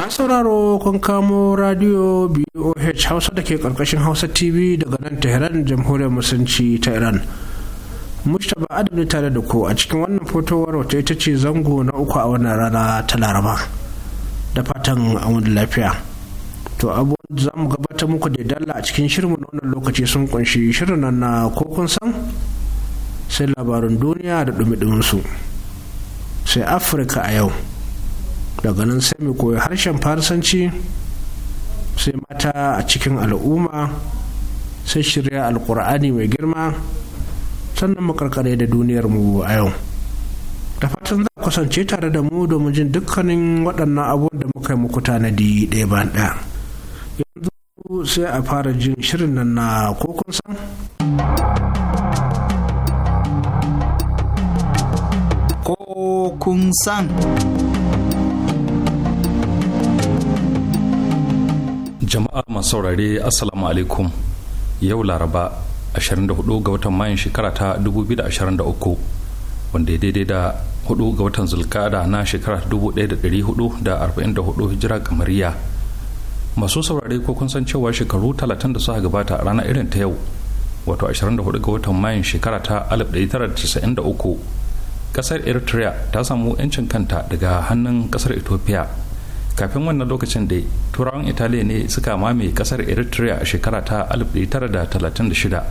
masu sauraro kun kamo radio boh hausa da ke karkashin hausa tv daga nan tehran jamhuriyar musulunci ta iran mustapha adam ne tare da ku a cikin wannan fotowar wata ita ce zango na uku a wannan rana ta laraba da fatan an lafiya to abubuwan za mu gabatar muku da dalla a cikin shirin na wannan lokaci sun kunshi shirin nan na kokun san sai labarin duniya da dumi su sai afirka a yau daga nan sai mu koyi harshen farisanci sai mata a cikin al'umma sai shirya alkur'ani mai girma sannan mu karkare da duniyar mu a yau da fatan za kusance tare da mu domin jin dukkanin waɗannan abubuwan da muka yi muku tanadi ɗaya ba ɗaya yanzu sai a fara jin shirin nan na kokon san kokun san jama'a masu saurare assalamu alaikum yau laraba 24 ga watan mayan shekara ta 2023 wanda ya daidai da 4 ga watan zulkada na shekara 1444 hijira kamariya masu saurare ko kun san cewa shekaru 30 da suka gabata a ranar irin ta yau wato 24 ga watan mayan shekara ta 1993 kasar eritrea ta samu 'yancin kanta daga hannun kasar ethiopia kafin wannan lokacin da turawan italiya ne suka mame kasar eritrea a shekara ta 1936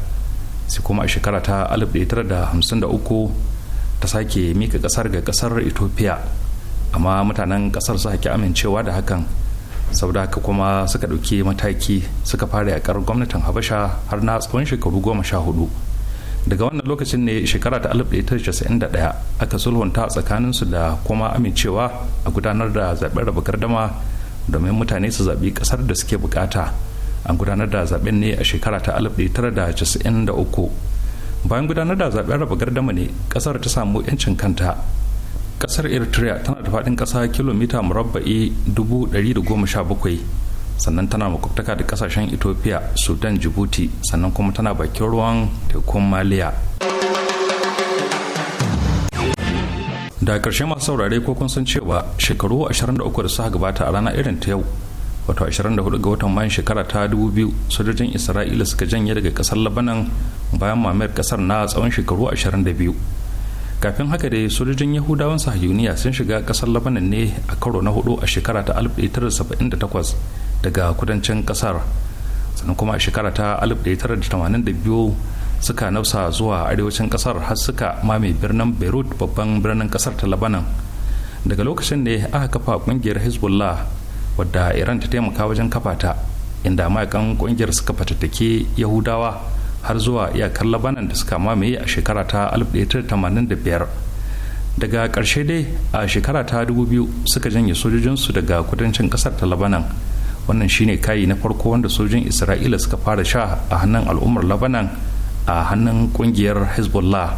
sai kuma a shekara ta 1953 ta sake mika kasar ga kasar ethiopia amma mutanen kasar su haƙi amincewa da hakan saboda haka kuma suka ɗauki mataki suka fara yakar gwamnatin habasha har na tsawon shekaru goma sha hudu daga wannan lokacin ne shekara ta 1991 aka sulhunta tsakaninsu da kuma amincewa a gudanar da zaben raba gardama domin mutane su zaɓi ƙasar da suke bukata an gudanar da zaben ne a shekara ta 1993 bayan gudanar da zaben raba gardama ne ƙasar ta samu 'yancin kanta ƙasar eritrea tana da faɗin ƙasa kilomita murabba'i da sha bakwai. sannan tana makwabtaka da kasashen ethiopia sudan djibouti sannan kuma tana bakin ruwan tekun maliya da ƙarshe masu saurare ko kun san cewa shekaru 23 da suka gabata a rana irin ta yau wato 24 ga watan mayan shekara ta 2000 sojojin isra'ila suka janye daga ƙasar labanan bayan mamayar ƙasar na tsawon shekaru 22 kafin haka dai sojojin yahudawan sahiyuniya sun shiga ƙasar labanan ne a karo na hudu a shekara ta 1978 daga kudancin kasar sannan kuma a shekara ta 1982 suka nafsa zuwa arewacin kasar har suka mame birnin beirut babban birnin kasar ta labanan daga lokacin ne aka kafa kungiyar hezbollah wadda iran ta taimaka wajen kafa ta inda mayakan kungiyar suka fatattake yahudawa har zuwa iyakar labanan da suka mamaye a shekara ta 1985 daga ƙarshe dai a shekara ta 2000 suka janye sojojinsu daga kudancin ƙasar ta labanan wannan shine kayi na farko wanda sojin isra'ila suka fara sha a hannun al'ummar labanan a hannun kungiyar hezbollah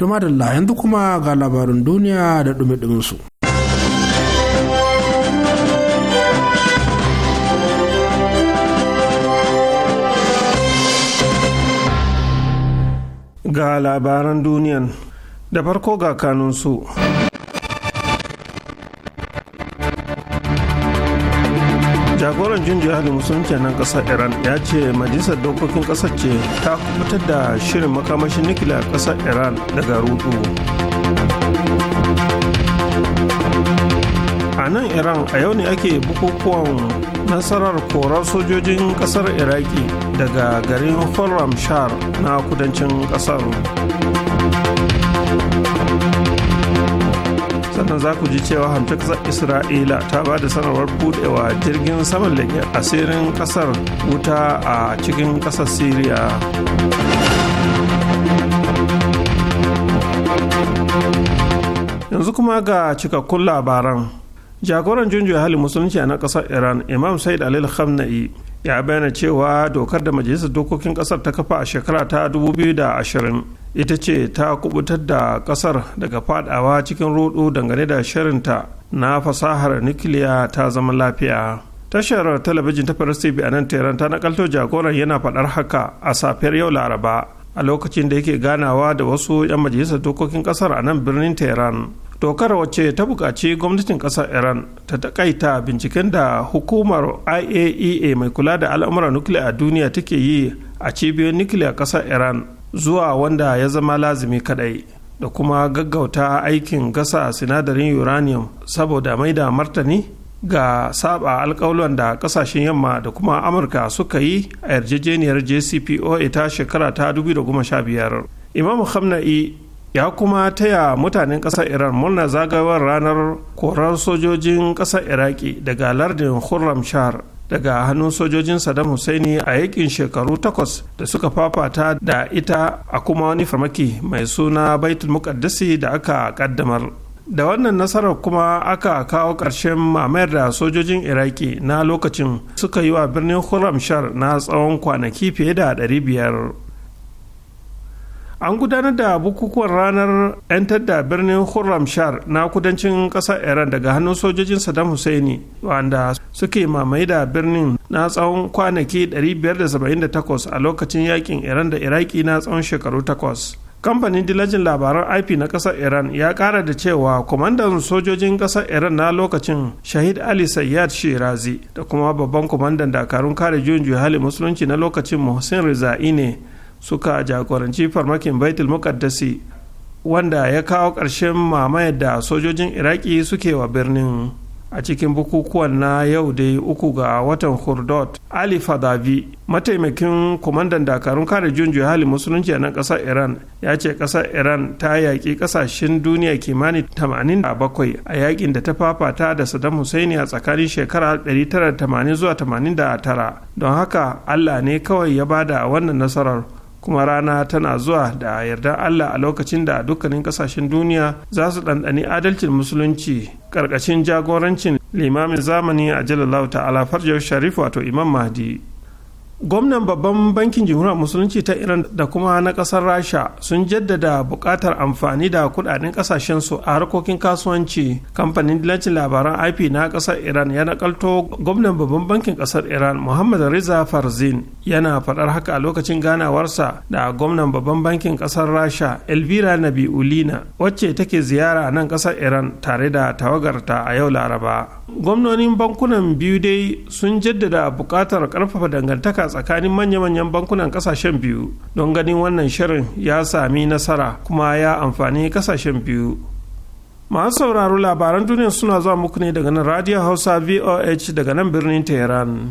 Tuma da yanzu kuma ga labarin duniya da ɗumi su. Ga labaran duniyan da farko ga kanunsu. su. jagoran jin jihadin musulunci nan kasar iran ya ce majalisar dokokin kasar ce ta kubutar da shirin makamashin nikila kasar iran daga rudu a nan iran a yau ne ake bukukuwan nasarar korar sojojin kasar iraki daga garin shar na kudancin kasar nan za ku ji cewa hamtakasar isra'ila ta ba da sanarwar budewa jirgin saman leƙen asirin ƙasar wuta a cikin ƙasar syria yanzu kuma ga cikakkun labaran jagoran junjiya hali musulunci na ƙasar iran imam said alil khamna'i ya bayyana cewa dokar da majalisar dokokin ƙasar ta kafa a shekara ta 2020 ita ce ta kubutar da kasar daga fadawa cikin rudu dangane da shirinta na fasahar nukiliya ta zama lafiya tashar talabijin ta faris tv a nan teran ta nakalto jagoran yana faɗar haka a safiyar yau laraba a lokacin da yake ganawa da wasu 'yan majalisar dokokin kasar a nan birnin teran dokar wacce ta buƙaci gwamnatin ƙasar iran ta takaita binciken da hukumar iaea e mai kula da al'amuran nukiliya a duniya take yi a cibiyoyin nukiliya ƙasar iran zuwa wanda ya zama lazimi kadai da kuma gaggauta aikin gasa sinadarin uranium saboda mai da martani ga saba alkawulan da kasashen yamma da kuma amurka suka yi a yarjejeniyar jcpoa ta shekara ta 2015 imam hamna'i ya kuma taya mutanen ƙasar iran murna zagayowar ranar korar sojojin ƙasar iraki daga lardin khurram shahar daga hannun sojojin Saddam Hussein a yakin shekaru takwas da suka fafata da ita a kuma wani farmaki mai suna Baitul Muqaddasi da aka kaddamar. Da wannan nasarar kuma aka kawo ƙarshen mamayar da sojojin Iraki na lokacin suka yi wa birnin Shar na tsawon kwanaki fiye da 500. an gudanar da bukukuwan ranar 'yantar da birnin Khurramshar na kudancin ƙasar Iran daga hannun sojojin Saddam Hussein wanda suke mamaye da birnin na tsawon kwanaki 578 a lokacin yakin Iran da Iraki na tsawon shekaru takwas. kamfanin dilajin labaran ip na kasar iran ya kara da cewa kwamandan sojojin kasar iran na lokacin shahid ali sayyad shirazi da kuma babban kwamandan dakarun kare juyin juya hali musulunci na lokacin muhsin rizai ne suka jagoranci farmakin baitul muqaddasi wanda ya kawo ƙarshen mamayar da sojojin iraki suke wa birnin a cikin bukukuwan na yau dai uku ga watan hurdot ali fadavi mataimakin kwamandan dakarun kare junjiya hali musulunci na ƙasar iran ya ce ƙasar iran ta yaƙi ƙasashen duniya kimanin 87 a yaƙin da ta fafata da saddam hussein a tsakanin shekara 1980 zuwa 89 don haka allah ne kawai ya bada wannan nasarar kuma rana tana zuwa da yardar Allah a lokacin da dukkanin kasashen duniya za su ɗanɗani adalcin musulunci ƙarƙashin jagorancin limamin zamani a jalallahu ta'ala farjar sharif wato imam mahdi gwamnan babban bankin jamhuriyar musulunci ta iran da kuma na kasar rasha sun jaddada buƙatar amfani da kudaden kasashensu a harkokin kasuwanci kamfanin dilancin labaran ip na kasar iran ya nakalto gwamnan babban bankin kasar iran muhammad riza farzin yana faɗar haka a lokacin ganawarsa da gwamnan babban bankin kasar rasha elvira nabiulina wacce take ziyara nan kasar iran tare da tawagarta a yau laraba gwamnonin bankunan biyu dai sun jaddada buƙatar ƙarfafa dangantaka tsakanin manya-manyan bankunan kasashen biyu don ganin wannan shirin ya sami nasara kuma ya amfani kasashen biyu masu sauraro labaran duniya suna zuwa muku ne daga nan radio hausa voh daga nan birnin teheran.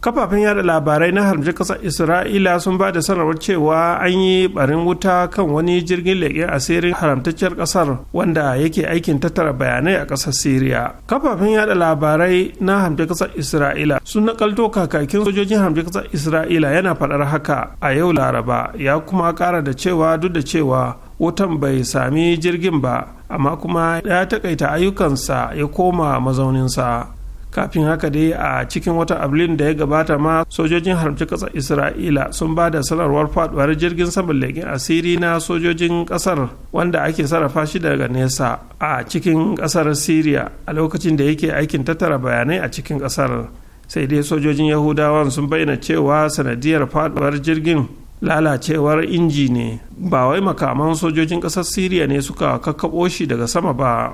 kafafen yada labarai na harmji kasar isra'ila sun ba da sanarwar cewa an yi barin wuta kan wani jirgin leƙe asirin haramtacciyar kasar wanda yake aikin tattara bayanai a kasar syria kafafen yada labarai na harmji kasar isra'ila sun nakalto kakakin sojojin harmji kasar isra'ila yana faɗar haka a yau laraba ya kuma ƙara da cewa duk da cewa wutan bai sami jirgin ba amma kuma ya takaita ayyukansa ya koma mazauninsa kafin haka dai a cikin wata abrilun da ya gabata ma sojojin haramci kasa isra'ila sun ba da sanarwar faduwar jirgin saman leƙen asiri na sojojin kasar wanda ake sarrafa shi daga nesa a cikin kasar syria a lokacin da yake aikin tattara bayanai a cikin kasar sai dai sojojin yahudawan sun bayyana cewa sanadiyar faduwar jirgin lalacewar inji ne ba wai makaman sojojin kasar syria ne suka kakkaɓo shi daga sama ba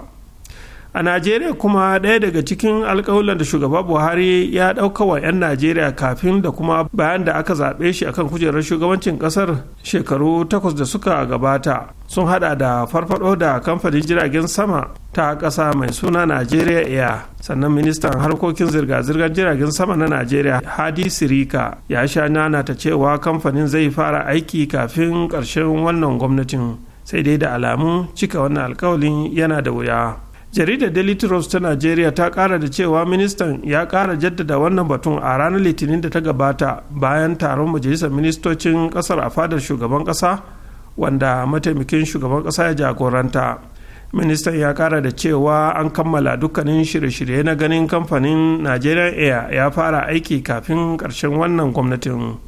a najeriya kuma ɗaya daga cikin alkawulan da shugaba buhari ya ɗauka wa 'yan najeriya kafin da kuma bayan da aka zaɓe shi akan kujerar shugabancin ƙasar shekaru takwas da suka gabata sun hada da farfado da kamfanin jiragen sama ta ƙasa mai suna najeriya iya sannan ministan harkokin zirga-zirgar jiragen sama na najeriya hadi sirika ya sha nana ta cewa kamfanin zai fara aiki kafin ƙarshen wannan gwamnatin sai dai da alamu cika wannan alkawalin yana da wuya jaridar daily trust ta nigeria ta kara da cewa ministan ya kara jaddada wannan batun a ranar litinin da ta gabata bayan taron majalisar ministocin kasar a fadar shugaban kasa wanda mataimakin shugaban kasa ya jagoranta ministan ya kara da cewa an kammala dukkanin shirye-shirye na ganin kamfanin nigerian air ya fara aiki kafin karshen wannan gwamnatin.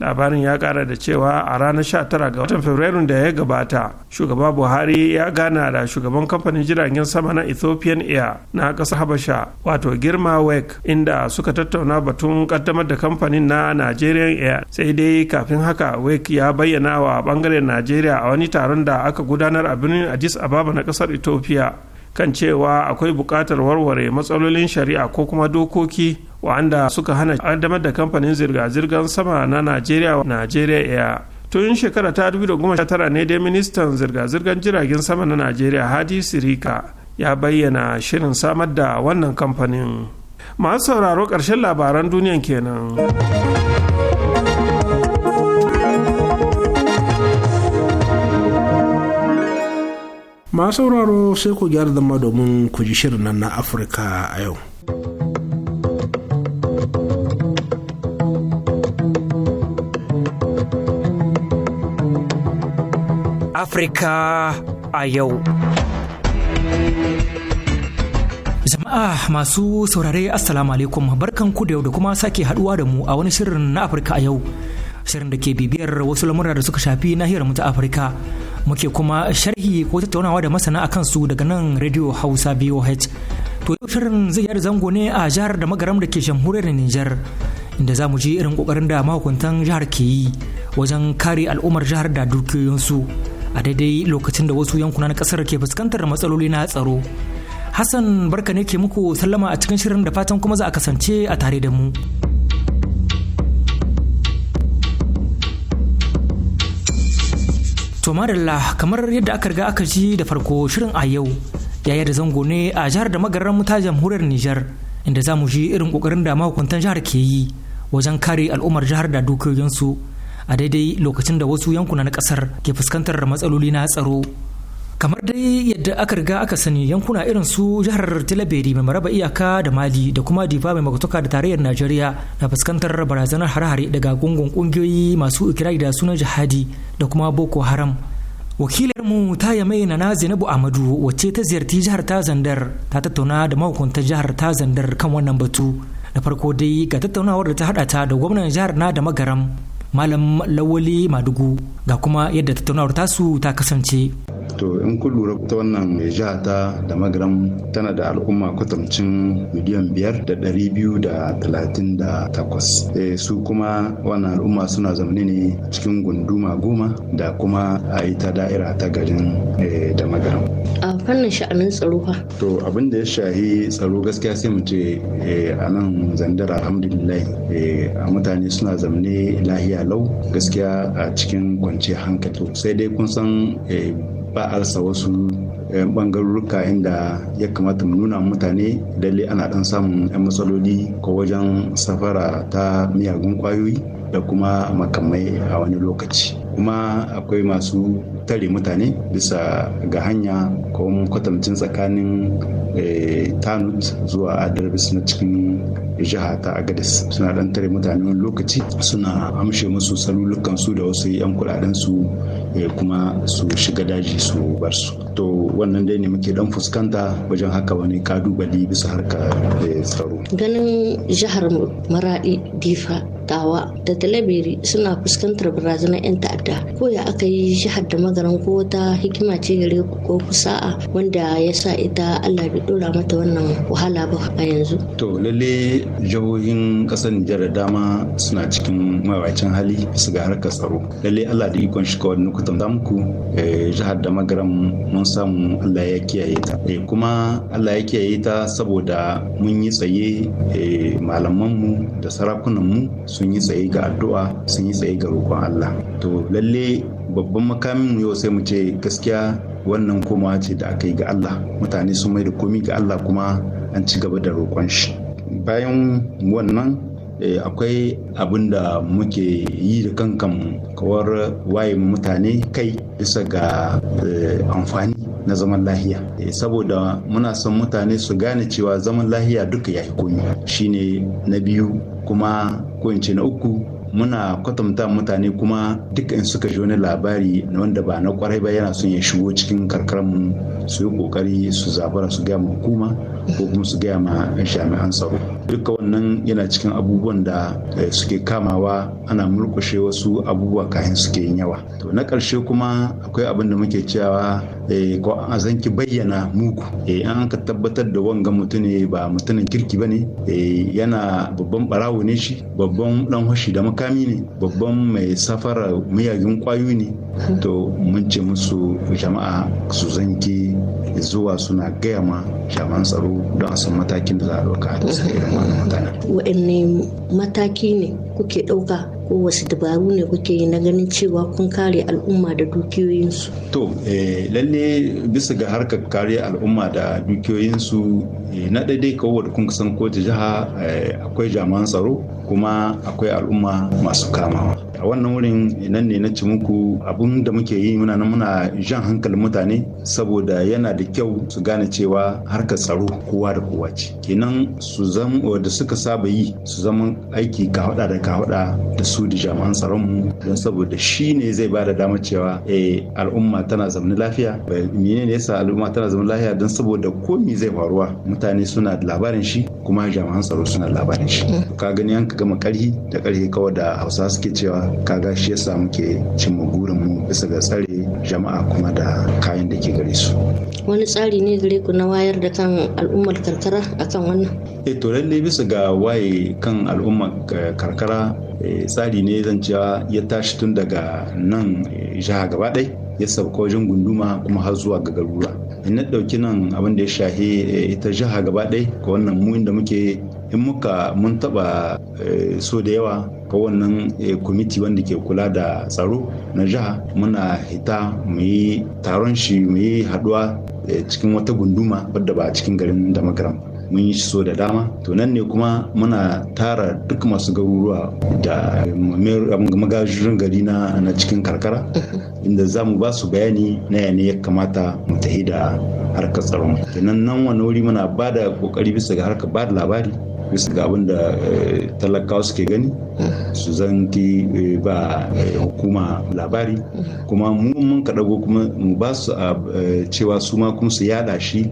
labarin ya kara da cewa a ranar 19 ga watan fabrairun da ya gabata shugaba buhari ya gana da shugaban kamfanin jiragen sama na ethiopian air na ƙasar habasha wato girma wek inda suka tattauna batun kaddamar da kamfanin na nigerian air sai dai kafin haka wek ya bayyana wa bangaren nigeria a wani taron da aka gudanar a birnin addis ababa na ƙasar ethiopia kan cewa akwai buƙatar warware matsalolin shari'a ko kuma dokoki wanda suka hana adamar da kamfanin zirga-zirgar sama na najeriya najeriya ya tun shekara ta 2019 ne dai ministan zirga-zirgar jiragen sama na najeriya hadi sirika ya bayyana shirin samar da wannan kamfanin masu sauraro ƙarshen labaran duniyan kenan. masu sauraro sai ku gyara zama domin ku ji shirin nan na afirka a yau Afirka a yau. Jama'a masu saurare Assalamu alaikum barkanku da yau da kuma sake haduwa da mu a wani shirin na Afirka a yau. Shirin da ke bibiyar wasu lamura da suka shafi nahiyar mu ta Afirka. Muke kuma sharhi ko tattaunawa da masana a kansu daga nan Radio Hausa BOH. To yau shirin zai yada zango ne a jihar da magaram da ke jamhuriyar Nijar. Inda za mu ji irin kokarin da mahukuntan jihar ke yi wajen kare al'ummar jihar da dukiyoyinsu. a daidai lokacin da wasu yankuna na kasar ke fuskantar matsaloli na tsaro hassan barka ne ke muku sallama a cikin shirin da fatan kuma za a kasance a tare da mu to madalla kamar yadda aka riga aka ji da farko shirin a yau yaya da zango ne a jihar da magarar mutajen jamhuriyar nijar inda za mu ji irin kokarin da mahukuntan jihar ke yi wajen kare al'ummar jihar da dukiyoyinsu a daidai lokacin da wasu yankuna na kasar ke fuskantar matsaloli na tsaro kamar dai yadda aka riga aka sani yankuna irin su jihar tilaberi mai maraba iyaka da mali da kuma difa mai makwataka da tarayyar najeriya na fuskantar barazanar hare-hare daga gungun kungiyoyi masu ikirari da sunan jihadi da kuma boko haram wakilarmu ta mai na zainabu amadu wacce ta ziyarci jihar ta ta tattauna da mahukunta jihar ta kan wannan batu da farko dai ga tattaunawar da ta hada ta da gwamnan jihar na da magaram malam lawali madugu ga kuma yadda tattaunawar tasu ta kasance to in kun lura ta wannan jiha ta da magaram tana da al'umma kwatancin miliyan biyar da ɗari biyu da talatin da takwas eh, su kuma wannan al'umma suna zamani ne cikin gunduma goma da kuma a ita da'ira ta garin eh, da magaram a fannin sha'anin tsaro fa to abin da ya shahi tsaro gaskiya sai mu ce eh, a nan zandar alhamdulillah a mutane suna zamani lahiya kalau gaskiya a cikin kwanciyar hankali sai dai kun san eh, ba alsa wasu bangarurruka eh, inda ya kamata mu nuna mutane lalle ana dan samun 'yan matsaloli ko wajen safara ta miyagun kwayoyi da kuma makamai a wani lokaci kuma akwai masu tare mutane bisa ga hanya ko kwatamcin tsakanin eh, tanut zuwa adarbis na cikin jiha ta agadis suna dan tare mutane wani lokaci suna amshe musu salulukansu da wasu yan kuɗaɗensu eh, kuma su shiga daji su bar su to wannan dai ne muke dan fuskanta wajen haka wani kadubali bisa harka eh, tsaro ganin jihar maradi difa tawa da talabiri suna fuskantar barazanar 'yan ta'adda ko ya aka yi jihar da magaran ko wata hikima ce gare ku ko kusa'a wanda ya sa ita allah bai dora mata wannan wahala ba a yanzu to lalle jihohin kasar nijar da dama suna cikin mawacin hali su ga harkar tsaro lalle allah da ikon shi kawai nukutan da muku eh, jihar da magaran mun samu allah ya kiyaye ta eh, kuma allah ya kiyaye ta saboda mun yi tsaye eh, malamanmu da sarakunanmu sun yi tsaye ga addu'a sun yi tsaye ga roƙon Allah to lalle babban makamin mu yau sai mu ce gaskiya wannan komawa ce da aka yi ga Allah mutane sun mai da komi ga Allah kuma an ci gaba da roƙon shi bayan wannan eh, akwai abin da muke yi da kankan kawar waye mutane kai bisa ga eh, amfani na zaman lahiya eh, saboda muna son mutane su gane cewa zaman lahiya duka ya yi komi shine na biyu kuma ko na uku muna kwatanta mutane kuma duk in suka ji wani labari wanda ba na kwarai ba yana son ya shigo cikin karkarmu su yi kokari su zabara su gaya ma hukuma ko kuma su gaya ma jami'an tsaro duka wannan yana cikin abubuwan da eh, suke kamawa ana mulkushe wasu abubuwa kayan suke yin yawa to na ƙarshe kuma akwai abin da muke cewa eh, ko an azanki bayyana muku eh, an ka tabbatar da wanga mutum ba mutumin kirki ba ne yana babban barawo ne shi babban dan hushi da maka makami ne babban mai safara miyagun kwayo ne to mun ce musu jama'a su zanke zuwa suna gaya ma jaman tsaro don a san matakin da za a ɗauka a tsaye irin wannan mutane. Waɗanne mataki ne kuke ɗauka ko wasu dabaru ne kuke yi na ganin cewa kun kare al'umma da dukiyoyinsu? To, eh, lalle bisa ga harkar kare al'umma da dukiyoyinsu eh, na daidai kawo da kun san ko jiha eh, akwai jaman tsaro kuma akwai al'umma masu kamawa a wannan wurin nan ne na ci muku abun da muke yi muna nan muna jan hankalin mutane saboda yana da kyau su gane cewa harkar tsaro kowa da kowa ce kenan su zama da suka saba yi su zama aiki ka hada da ka hada da su da jami'an tsaron mu don saboda shi ne zai ba da damar cewa eh, al'umma tana zaune lafiya menene yasa al'umma tana zaune lafiya don saboda komi zai faruwa mutane suna labarin shi kuma jami'an tsaro suna da labarin shi mm. ka gani an ka gama da karhi kawai da hausa suke cewa kaga shi yasa muke cimma gurin mu bisa ga tsare jama'a kuma da kayan da ke gare su wani tsari ne gare ku na wayar da kan al'ummar karkara akan wannan e to lallai bisa ga waye kan al'ummar karkara eh tsari ne zan cewa ya tashi tun daga nan eh, jiha gaba ɗai ya sauka wajen gunduma kuma har zuwa ga garuruwa na ɗauki nan abin da ya shahi ita jiha gaba ɗai ga wannan mu da muke in muka mun taba eh, so da yawa ga wannan eh, kwamiti wanda ke kula da tsaro na jiha muna hita mu yi taron shi mu yi haduwa eh, cikin wata gunduma wadda ba cikin garin da makaram mun yi so da dama to nan ne kuma muna tara duk masu garuruwa da magajirin gari na cikin karkara inda za mu ba su bayani na yane ya kamata mu tahi da harkar tsaron kenan nan wani wuri muna ba da kokari bisa ga harkar ba da labari bisa ga abin da eh, talakawa suke gani su zanki eh, ba eh, hukuma labari kuma mun kaɗago kuma mu ba su a ah, cewa su ma kuma su yada shi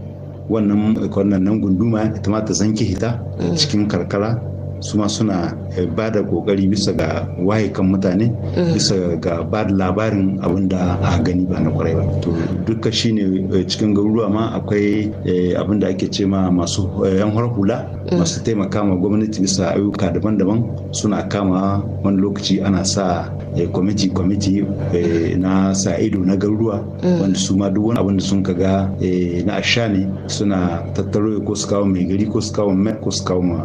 wannan nan gunduma ita ma ta zanki hita cikin karkara su ma suna Eh, ba da kokari bisa ga waye kan mutane mm. bisa ga ba da labarin abin da a gani ba na kwarai ba to duka shine eh, cikin garuruwa ma akwai eh, abin da ake ce ma masu yan hula mm. masu taimaka ma gwamnati bisa ayyuka daban-daban suna kama wani lokaci ana sa kwamiti kwamiti na sa ido na garuruwa mm. wanda su ma duk wani abin da sun kaga na asha ne suna tattaro ko su kawo mai gari ko su kawo mai ko su kawo ma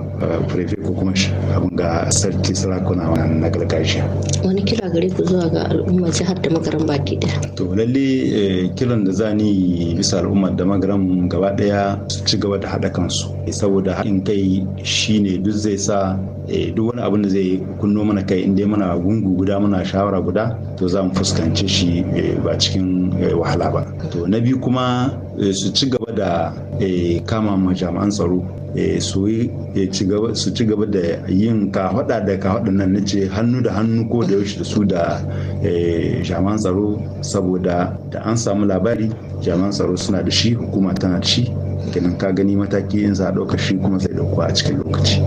ko kuma abin ga a sarki sarakuna na gargajiya wani kira gare ku zuwa ga al'umma jihar da magaran baki daya to lalle eh, kiran da ni bisa al'ummar da magaran gaba daya su ci gaba da haɗa kansu saboda haɗin kai shine duk zai sa eh, duk wani abin da zai kunno mana kai inda muna gungu guda muna shawara guda to za mu fuskance shi eh, ba cikin wahala ba to na biyu kuma Eh, su ci gaba da eh, kama ma jami'an tsaro eh, su ci gaba da yin kafaɗa da kafaɗa nan na ce hannu da hannu ko da yaushe da su da jami'an tsaro saboda da an samu labari jami'an tsaro suna da shi hukuma tana da shi kenan ka gani mataki yanzu a shi kuma zai ɗauka a cikin lokaci.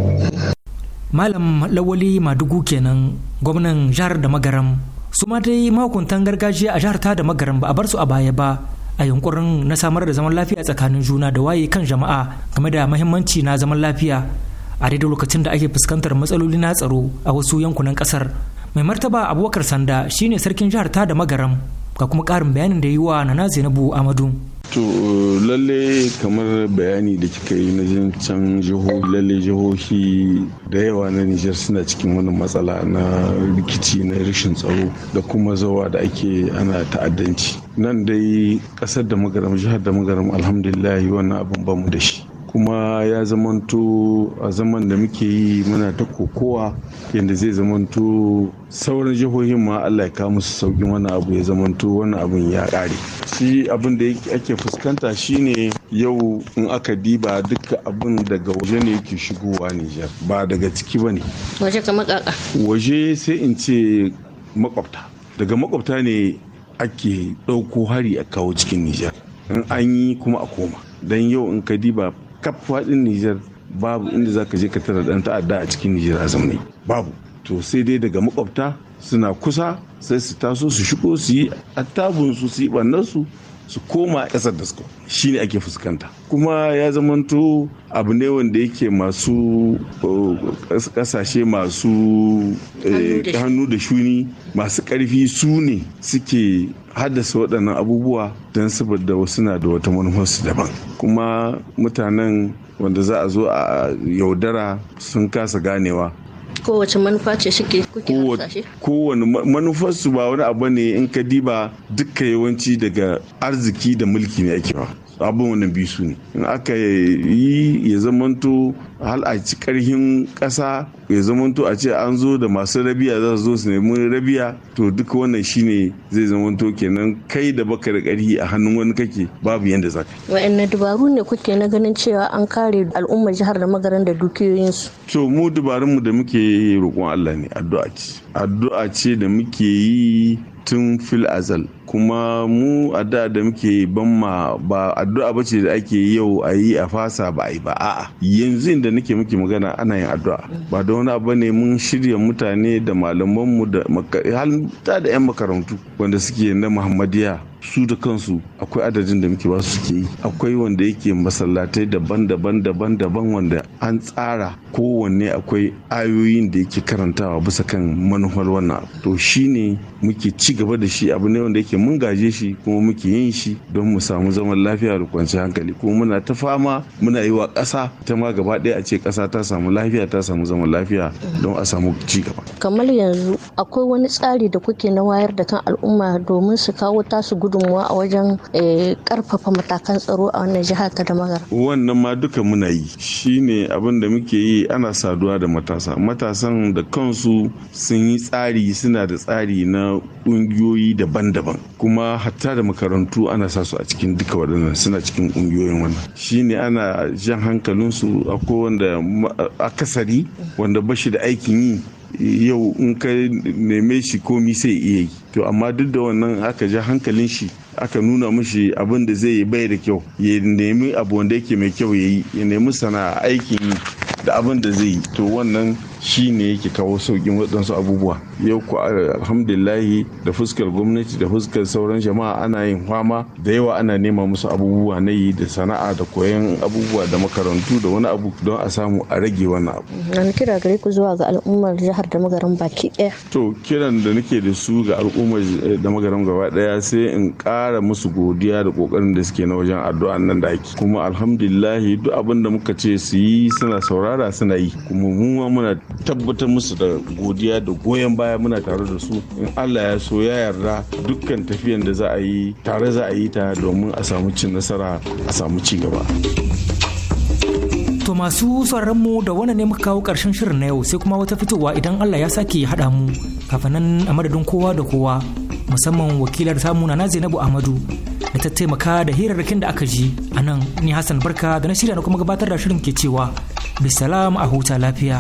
malam lawali madugu kenan gwamnan jihar da magaram su ma dai mahukuntan gargajiya a jihar ta da magaram ba a bar su a baya ba a yunkurin na samar da zaman lafiya tsakanin juna da waye kan jama'a game da mahimmanci na zaman lafiya a daidai lokacin da ake fuskantar matsaloli na tsaro a wasu yankunan kasar mai martaba abubakar sanda shine sarkin jihar ta da magaram ga kuma karin bayanin da yi wa nana zainabu amadu to eh, lalle kamar bayani da kika yi na jin can jihohi lalle jihohi da yawa na nijar suna cikin wani matsala na rikici na rashin tsaro da kuma zawa da ake ana ta'addanci nan dai kasar da magaram jihar da magaram alhamdulillah wannan abin bamu da shi kuma ya zamanto a zaman da muke yi muna ta kokowa yadda zai zamanto sauran jihohin ma Allah ya kawo musu saukin wani abu ya zamanto wani abun ya ƙare shi abin da ake fuskanta shine yau in aka diba duka abin daga waje ne yake shigowa Nijar ba daga ciki ba ne waje kamar kaka waje sai in ce makwabta daga makwabta ne ake ɗauko hari a kawo cikin Nijar in an yi kuma a koma don yau in ka diba kaf faɗin Nijar babu inda za ka je ka tara ɗan ta'adda a cikin Nijar a zamani babu to sai dai daga makwabta suna kusa sai su taso su shigo su yi attabun su su yi ɓannar su koma ƙasar da suka shine ake fuskanta kuma ya zamanto abu ne wanda yake masu uh, ƙasashe masu eh, hannu da shuni masu ƙarfi su ne suke haddasa waɗannan abubuwa don saboda wasu na da wata manufarsu daban kuma mutanen wanda za a zo a yaudara sun kasa ganewa kowace manufa ce suke kuke hasashe kowane manufar su ba wani abu ne in ka diba dukkan yawanci daga arziki da mulki ne ake ba abubuwan wannan biyu su ne in aka yi ya zamanto hal a ci karhin ƙasa ya zamanto a ce an zo da masu rabiya za su zo su nemi rabiya to duka wannan shine zai zamanto kenan kai da baka da karhi a hannun wani kake babu yanda za ka wa'anne dabaru ne kuke na ganin cewa an kare al'ummar jihar da magaran da dukiyoyinsu to mu dubarun mu da muke roƙon Allah ne addu'a ce addu'a ce da muke yi tun fil azal kuma mu addu'a da muke ban ma ba addu'a bace da ake yau a yi a fasa ba a ba a'a yanzu inda da nake miki magana ana yin addu'a ba da wani abu ne mun shirya mutane da malamanmu da halta da 'yan makarantu wanda suke na muhammadiyya su da kansu akwai adadin da muke ba su suke yi akwai wanda yake masallatai daban-daban daban-daban wanda an tsara kowanne akwai ayoyin da yake karantawa bisa kan manufar wannan to shine muke ci gaba da shi abu ne wanda yake mun gaje shi kuma muke yin shi don mu samu zaman lafiya da kwanciyar hankali kuma muna ta fama muna yi wa ƙasa ta ma gaba ɗaya a ce ƙasa ta samu lafiya ta samu zaman lafiya don a samu ci gaba kamar yanzu akwai wani tsari da kuke na wayar da kan al'umma domin su kawo tasu gudu gudunmuwa a wajen karfafa eh, matakan tsaro a wannan jiha ta damagar wannan ma duka muna yi shine abin da muke yi ana saduwa da matasa matasan da kansu sun yi tsari suna da tsari na ƙungiyoyi daban-daban kuma hatta da makarantu ana sa su a cikin duka waɗannan suna cikin kungiyoyin wannan shine ana jan hankalinsu akwai wanda akasari wanda bashi da aikin yi yau in ka neme shi komi sai iya yi to amma duk da wannan aka ja hankalin shi aka nuna mishi abin da zai yi bai da kyau ya nemi abu wanda yake mai kyau ya yi ya nemi sana'a aikin yi da abin da zai yi to wannan shi ne yake kawo sauƙin waɗansu abubuwa yau ku alhamdulillahi da fuskar gwamnati da fuskar sauran jama'a ana yin fama da yawa ana nema musu abubuwa na yi da sana'a da koyan abubuwa da makarantu da wani abu don a samu a rage wani abu. An kira gare ku zuwa ga al'ummar jihar da magaran baki ɗaya. To kiran da nake da su ga al'ummar eh, da magaran gaba ɗaya sai in ƙara musu godiya da ƙoƙarin da suke na wajen addu'a nan da ake. Kuma alhamdulillahi duk abin da muka ce su yi suna saurara suna yi kuma mu muna tabbatar musu da godiya da goyon baya muna tare da su in allah ya so ya yarda dukkan tafiyan da za a yi tare za a yi ta domin a samu cin nasara a samu ci gaba to masu mu da wannan ne muka kawo karshen shirin na yau sai kuma wata fitowa idan allah ya sake haɗa mu kafin nan a madadin kowa da kowa musamman wakilar samu na zainabu ahmadu da ta taimaka da hirarrakin da aka ji a nan ni Hassan Barka da na shirya na kuma gabatar da shirin ke cewa bisalam a huta lafiya.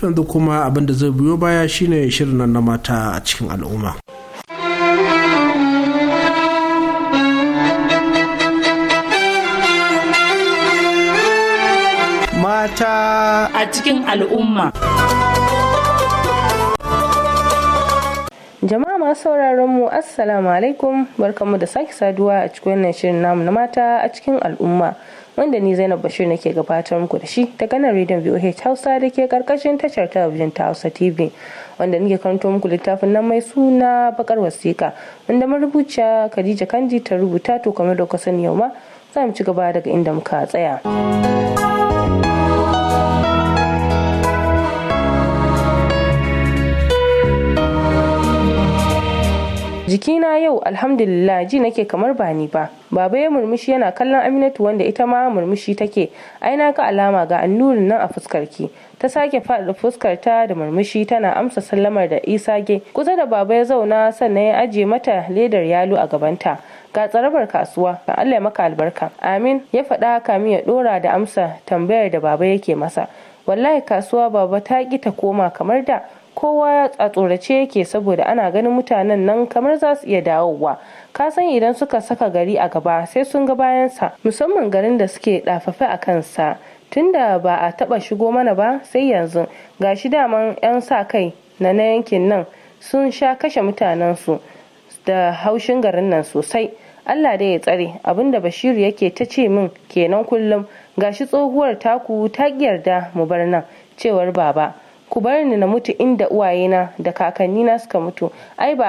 yanzu kuma abin da zai biyo baya shine shirin na mata a cikin al'umma. Mata a cikin al'umma. Jama'a masu sauraron mu Assalamu alaikum barkamu da sake saduwa a cikin wannan shirin namu na mata a cikin al'umma wanda ni Zainab Bashir ke gabatar muku da shi ta ganar rediyon VOH Hausa da ke karkashin tashar talabijin ta Hausa TV wanda nake karanto muku littafin nan mai suna bakar wasiƙa wanda marubuciya Khadija Kanji ta rubuta to kamar da ka sani yau ma za mu ci gaba daga inda muka tsaya. jikina yau alhamdulillah ji nake kamar ba ni ba baba ya murmushi yana kallon aminatu wanda ita ma murmushi take ai na ga alama ga annurin nan a fuskarki ta sake faɗa ta da murmushi tana amsa sallamar da isa ge kusa da baba ya zauna sannan ya ajiye mata ledar yalo a gabanta ga tsarabar kasuwa kan allah ya maka albarka amin ya faɗa kami ya ɗora da amsa tambayar da baba yake masa wallahi kasuwa baba ta ƙi ta koma kamar da kowa ya tsorace yake saboda ana ganin mutanen nan kamar za su iya dawowa ka san idan suka saka gari a gaba sai sun ga bayansa musamman garin da suke dafafe a kansa tunda ba a taba shigo mana ba sai yanzu gashi daman 'yan sa kai na na yankin nan sun sha kashe mutanensu da haushin garin nan sosai allah da ya tsare abinda bashiru yake ta ce min kenan kullum gashi tsohuwar taku ta yarda mu bar nan cewar baba ku bar ni na mutu inda uwayena da kakannina suka mutu ai ba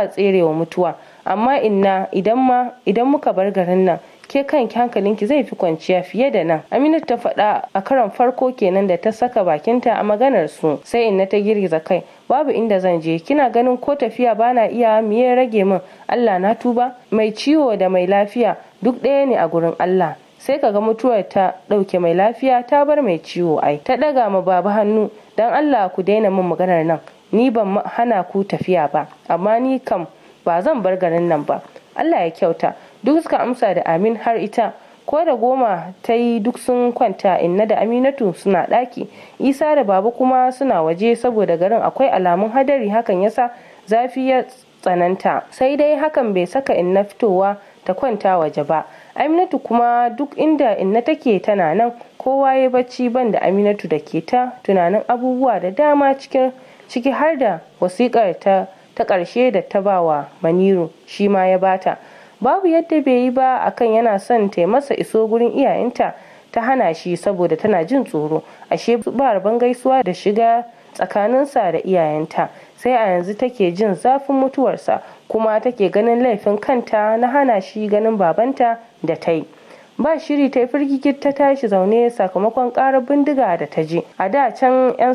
a tsere wa mutuwa amma inna idan ma idan muka bar garin nan ke kan hankalinki zai fi kwanciya fiye da nan Aminu ta faɗa a karon farko kenan da ta saka bakinta a maganar su sai inna ta girgiza kai babu inda zan je kina ganin ko tafiya bana iya miye rage min allah na tuba mai ciwo da mai lafiya duk ɗaya ne a gurin allah sai kaga mutuwar ta ɗauke mai lafiya ta bar mai ciwo ai ta ɗaga ma baba hannu don Allah ku daina min maganar nan ni ban hana ku tafiya ba amma ni kam ba zan bar garin nan ba Allah ya kyauta duk suka amsa da amin har ita ko da goma ta yi duk sun kwanta inna da aminatu suna ɗaki isa da baba kuma suna waje saboda garin akwai alamun hadari hakan yasa zafi ya tsananta sai dai hakan bai saka inna fitowa ta kwanta waje ba aminatu kuma duk inda inna take tana nan kowa ya bacci ban da aminatu da ke ta tunanin abubuwa da dama cikin ciki har da wasiƙar ta ta ƙarshe da ta ba wa maniru shi ma ya bata babu yadda bai yi ba akan yana son ta masa iso gurin iyayenta ta hana shi saboda tana jin tsoro ashe ba rabon gaisuwa da shiga tsakaninsa da iyayenta sai a yanzu take jin zafin mutuwarsa kuma take ganin laifin kanta na hana shi ganin babanta da ta yi ba shiri ta firgigit ta tashi zaune sakamakon karar bindiga da ta je a da can 'yan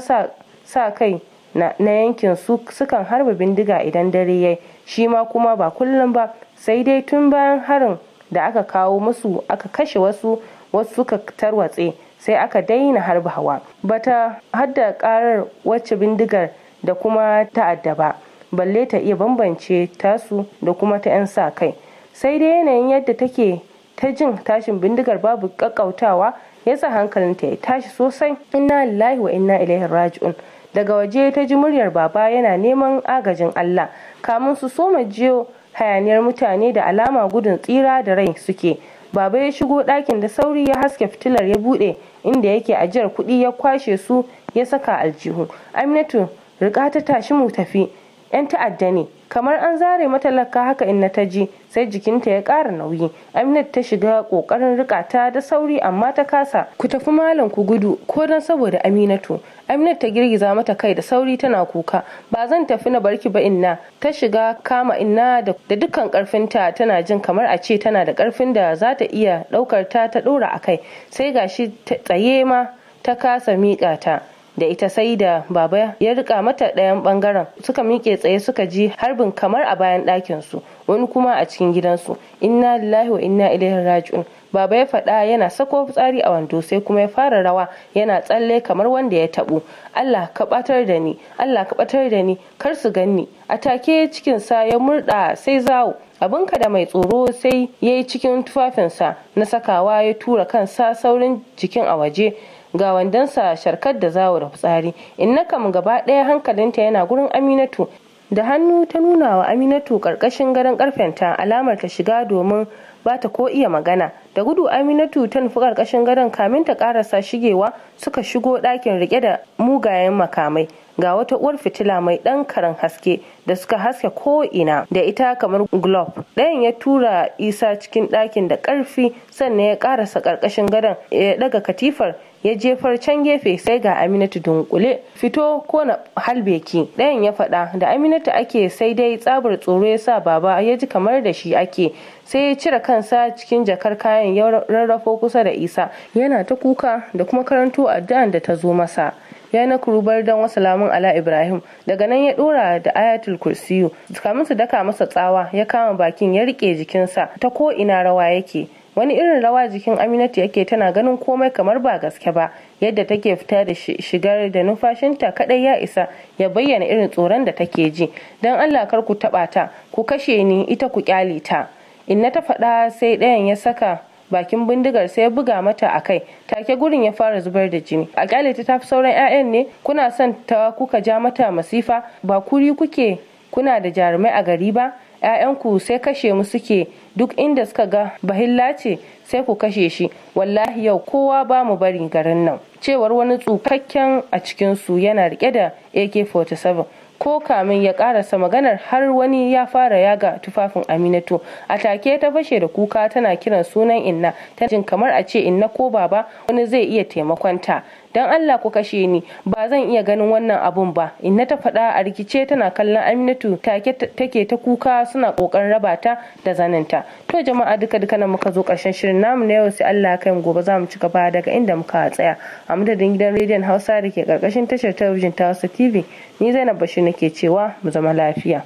sa kai na yankin su sukan harba bindiga idan dare yayi shi ma kuma ba kullum ba sai dai tun bayan harin da aka kawo musu aka kashe wasu wasu suka tarwatse sai aka daina harba hawa bata hadda karar wacce bindigar da kuma ta'addaba balle ta iya bambance tasu da kuma ta 'yan sa kai sai dai yanayin yadda take ta jin tashin bindigar babu kakkautawa ya sa hankalinta ya tashi sosai inna lillahi wa inna ilaihi raji'un daga waje ta ji muryar baba yana neman agajin Allah kamun su soma jiyo hayaniyar mutane da alama gudun tsira da rai suke baba ya shigo ɗakin da sauri ya haske fitilar ya buɗe inda yake ajiyar kuɗi ya kwashe su ya saka aljihu aminatu Rika ta tashi mu tafi yan ta'adda ne kamar an zare mata lakka haka in na ta ji sai jikinta ya ƙara nauyi aminat ta shiga ƙoƙarin riƙa ta da sauri amma ta kasa ku tafi malam ku gudu ko don saboda aminatu aminat ta girgiza mata kai da sauri tana kuka ba zan tafi na barki ba inna ta shiga kama inna da dukkan ƙarfinta tana jin kamar a ce tana da ƙarfin da za ta iya ɗaukar ta ta ɗora a kai sai gashi tsaye ma ta kasa miƙa ta da ita sai da baba ya rika mata ɗayan bangaren suka miƙe tsaye suka ji harbin kamar a bayan ɗakin su wani kuma a cikin gidansu inna lillahi wa inna ilaihi raji'un baba ya faɗa yana sako fitsari a wando sai kuma ya fara rawa yana tsalle kamar wanda ya taɓo Allah ka ɓatar da ni Allah ka ɓatar da ni kar su ganni a take cikin sa ya murɗa sai zawo abinka da mai tsoro sai yayi yi cikin tufafinsa na sakawa ya tura kansa saurin jikin a waje ga wandonsa sharkar da zawo da fitsari inna kam gaba ɗaya hankalinta yana gurin aminatu da hannu ta nuna wa aminatu ƙarƙashin gadon ƙarfenta alamar ta shiga domin ba ta ko iya magana da gudu aminatu ta nufi ƙarƙashin gadon kamin ta ƙarasa shigewa suka shigo ɗakin rike da mugayen makamai ga wata uwar fitila mai ɗan karan haske da suka haske ko ina. da ita kamar glob ɗayan ya tura isa cikin ɗakin da ƙarfi sannan ya ƙarasa ƙarƙashin gadon ya ɗaga katifar ya jefar can gefe sai ga aminatu dunkule fito ko na halbeki ki ɗayan ya faɗa da aminatu ake sai dai tsabar tsoro ya sa baba ya ji kamar da shi ake sai ya cire kansa cikin jakar kayan ya rarrafo kusa da isa yana ta kuka da kuma karanto addu'an da ta zo masa ya na kurubar dan lamun ala ibrahim daga nan ya dora da ayatul kursiyu kamin su daka masa tsawa ya kama bakin ya rike jikinsa ta ko ina rawa yake wani irin rawa jikin aminatu yake tana ganin komai kamar ba gaske ba yadda take fita da shigar da numfashinta kadai ya isa ya bayyana irin tsoron da take ji don allah kar ku taba ta ku kashe ni ita ku kyale ta In na ta faɗa sai ɗayan ya saka bakin bindigar sai ya buga mata a kai take gurin ya fara zubar da jini a kyale ta tafi sauran 'ya'yan ne kuna son ta kuka ja mata masifa ba kuri kuke kuna da jarumai a gari ba 'ya'yanku sai kashe mu suke duk inda suka ga bahilla ce sai ku kashe shi wallahi yau kowa ba mu bari garin nan cewar wani tsukakken a cikinsu yana rike da ak-47 ko kamin ya karasa maganar har wani ya fara yaga tufafin aminatu a take ta fashe da kuka tana kiran sunan inna ta jin kamar a ce inna ko baba wani zai iya taimakonta don allah ku kashe ni ba zan iya ganin wannan abun ba inna ta faɗa a rikice tana kallon aminatu take take ta kuka suna kokarin raba ta da zaninta to jama'a duka duka nan muka zo karshen shirin namu na yau sai allah kai mu gobe za mu ci gaba daga inda muka tsaya a madadin gidan rediyon hausa da ke karkashin tashar talabijin ta hausa tv ni zainab bashir nake cewa mu zama lafiya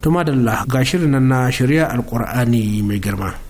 Tuma da ga shirin nan na shirya alkur'ani mai girma.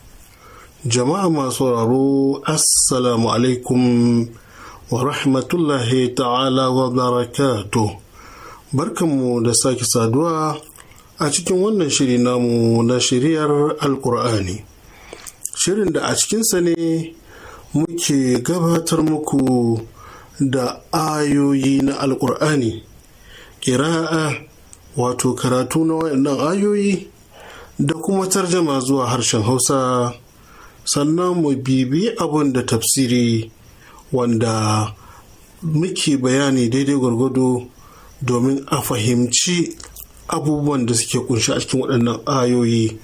jama'a masu raro assalamu alaikum wa rahmatullahi ta'ala wa barakatu barkanmu da sake saduwa a cikin wannan shiri namu na shiriyar alkur'ani shirin da a cikinsa ne muke gabatar muku da ayoyi na alkur'ani kira'a wato karatu na wayannan ayoyi da kuma tarjama zuwa harshen hausa sannan mu bibi abin da tafsiri wanda muke bayani daidai gwargwado domin a fahimci abubuwan da suke kunshi a cikin waɗannan ayoyi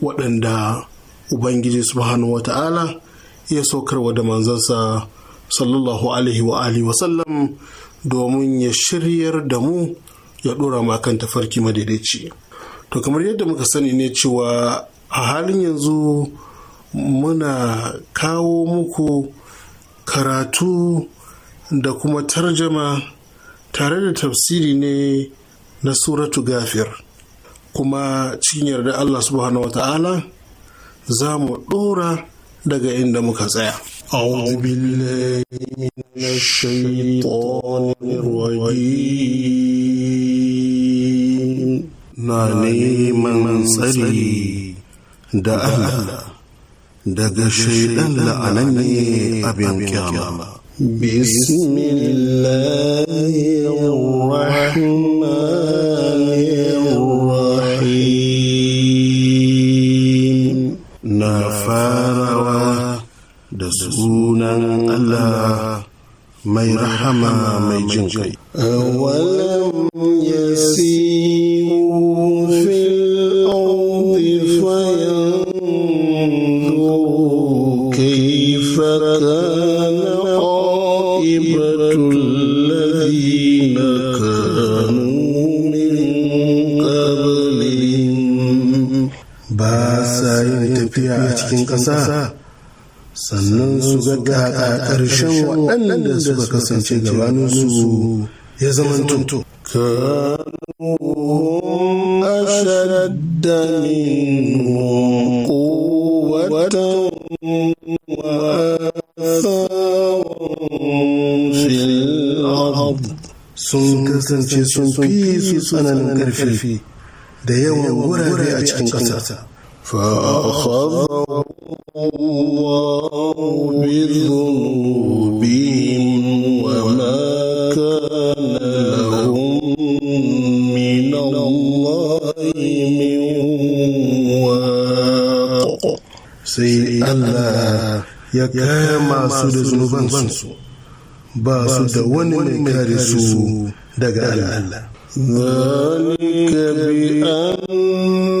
waɗanda ubangiji subhanahu wa ta'ala ya saukarwa da manzansa sallallahu alaihi wa alihi sallam domin ya shiryar da mu ya ɗora ma kan tafarki madaidaici to kamar yadda muka sani ne cewa a halin yanzu muna kawo muku karatu da kuma tarjama tare da tafsiri ne na suratu gafir kuma cikin yarda Allah subhanahu wata'ala za mu ɗora daga inda muka tsaya. na neman tsari da Allah daga shaidan la'ananne abin kyama. بسم الله الرحمن الرحيم نفاروا دسونا الله ما يرحم ما يجنكي أولا ga ƙarshen waɗanda suka kasance gabaninsu ya zamanto كانوا sun kasance sun fi su tsananin ƙarfi da yawan wurare a cikin ƙasa فأخذهم الله بذنوبهم وما كان لهم من الله من واق سي الله ya kaya masu da zunubansu ba su da wani ذلك بأن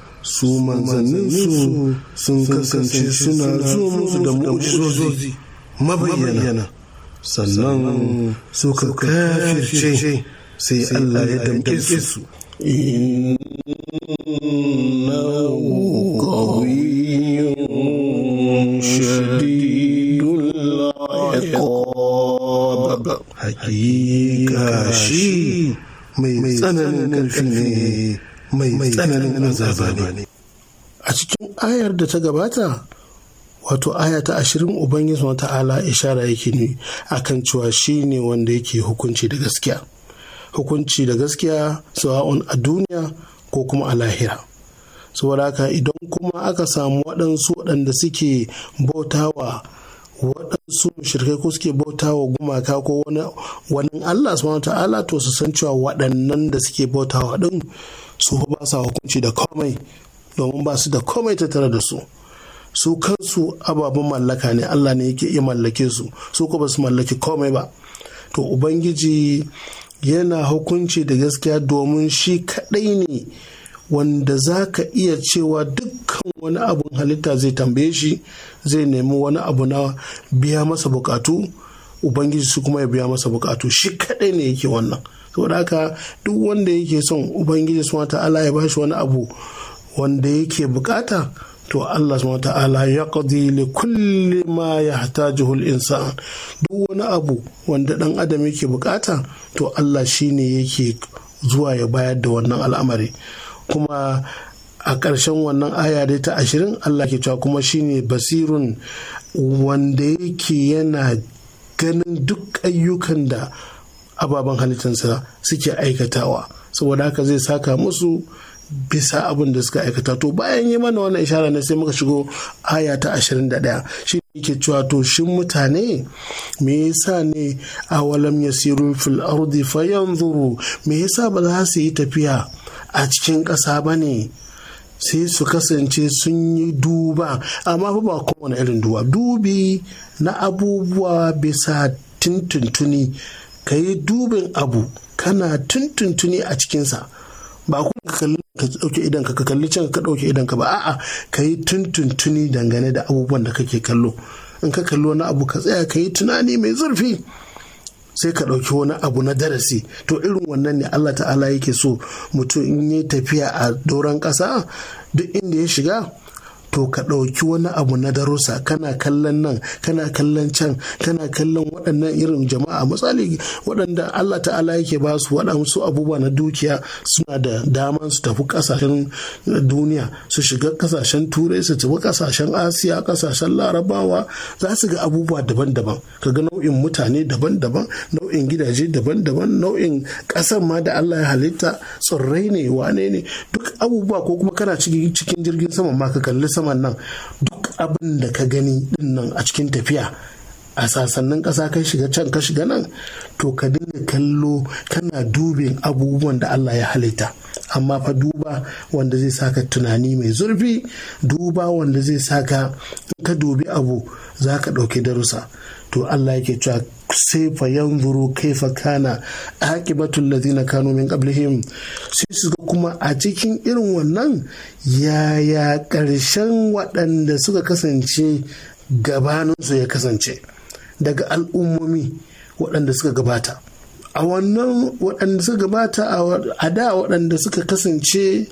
su manzanninsu sun kasance suna zuwa musu da mu'ujizozi mabayyana sannan ka kafirce sai Allah ya damke su Hakika shi mai tsananin ƙarfi ne ne. a cikin ayar da ta gabata wato aya ta ashirin ubangiji wa ta'ala ishara yake ne a kan cewa shi ne wanda yake hukunci da gaskiya hukunci da gaskiya sawa'un a duniya ko kuma a lahira saboda haka idan kuma aka samu waɗansu waɗanda suke bautawa waɗansu mushrikai ko suke bautawa gumaka ko wani Allah subhanahu ta'ala to su san cewa waɗannan da suke bautawa ɗin su ba sa hukunci da komai domin ba su da komai ta tattare da su su kansu ababen mallaka ne Allah ne yake iya mallake su su ko ba su mallaki komai ba to ubangiji yana hukunci da gaskiya domin shi kadai ne wanda za ka iya cewa dukkan wani abun halitta zai tambaye shi zai nemi wani abu na biya masa bukatu ubangiji su kuma ya biya masa bukatu shi kadai ne yake wannan saboda haka duk wanda yake son ubangiji subhanahu ta'ala ya bashi wani abu wanda yake bukata to Allah subhanahu ta'ala ya qadi li kulli ma yahtajuhu al-insan duk wani abu wanda dan adam yake bukata to Allah shine yake zuwa ya bayar da wannan al'amari kuma a karshen wannan aya dai ta ashirin Allah ke cewa kuma shine basirun wanda yake yana ganin duk ayyukan da ababen halittansa suke aikatawa saboda haka zai saka musu bisa abin da suka aikata to bayan yi mana wannan ishara na sai muka shigo aya ta 21 shi ke cewa to shin mutane me yasa ne a awalam yasiru fil ardi fayanzuru me yasa ba za su yi tafiya a cikin ƙasa ba ne sai su kasance sun yi duba amma fa ba kowane irin duba dubi na abubuwa bisa tuntuntuni ka yi dubin abu kana tuntuntuni a cikinsa ba ku ka kalli ka ɗauke idan ka kalli can ka ɗauke idan ka ba a'a ka yi tuntuntuni dangane da abubuwan da kake kallo in ka kalli wani abu ka tsaya ka yi tunani mai zurfi sai ka ɗauki wani abu na darasi to irin wannan ne Allah ta'ala yake so mutum in yi tafiya a doron ƙasa duk inda ya shiga to ka ɗauki wani abu na darussa kana kallon nan kana kallon can kana kallon waɗannan irin jama'a misali waɗanda Allah ta'ala yake ba su waɗansu abubuwa na dukiya suna da daman su tafi ƙasashen duniya su shiga ƙasashen turai su tafi ƙasashen asiya ƙasashen larabawa za su ga abubuwa daban-daban ka ga nau'in mutane daban-daban nau'in gidaje daban-daban nau'in ƙasar ma da Allah ya halitta tsirrai ne wane ne duk abubuwa ko kuma kana cikin jirgin sama ma ka kalli sama saman nan duk abin da ka gani din nan a cikin tafiya a sasannin ƙasa ka shiga can ka shiga nan to ka dinga kallo kana dubin abubuwan da Allah ya halitta amma fa duba wanda zai saka tunani mai zurfi duba wanda zai saka in ka dubi abu za ka ɗauki darussa to Allah yake cewa sai fa yanzuru kaifa kana aqibatul ladina kanu min qablihim sai su ga kuma a cikin irin wannan yaya ƙarshen waɗanda suka kasance gabaninsu ya kasance daga al'ummomi waɗanda suka gabata a wannan waɗanda suka gabata a da waɗanda suka kasance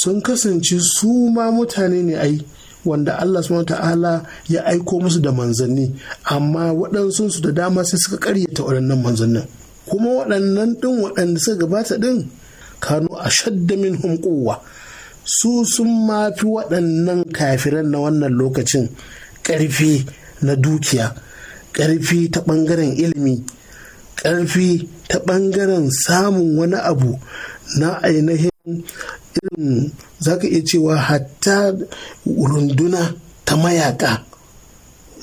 sun kasance su ma mutane ne ai wanda Allah subhanahu ta'ala ya aiko musu da manzanni amma waɗansu su da dama sai suka karyata waɗannan manzannin kuma waɗannan ɗin waɗanda suka gabata ɗin kanu a shadda min hunkowa su sun mafi waɗannan kafiran na wannan lokacin ƙarfi na dukiya ƙarfi ta ɓangaren ilimi ƙarfi ta ɓangaren samun wani abu na ainihin irin mm. zaka iya cewa hatta runduna ta mayaka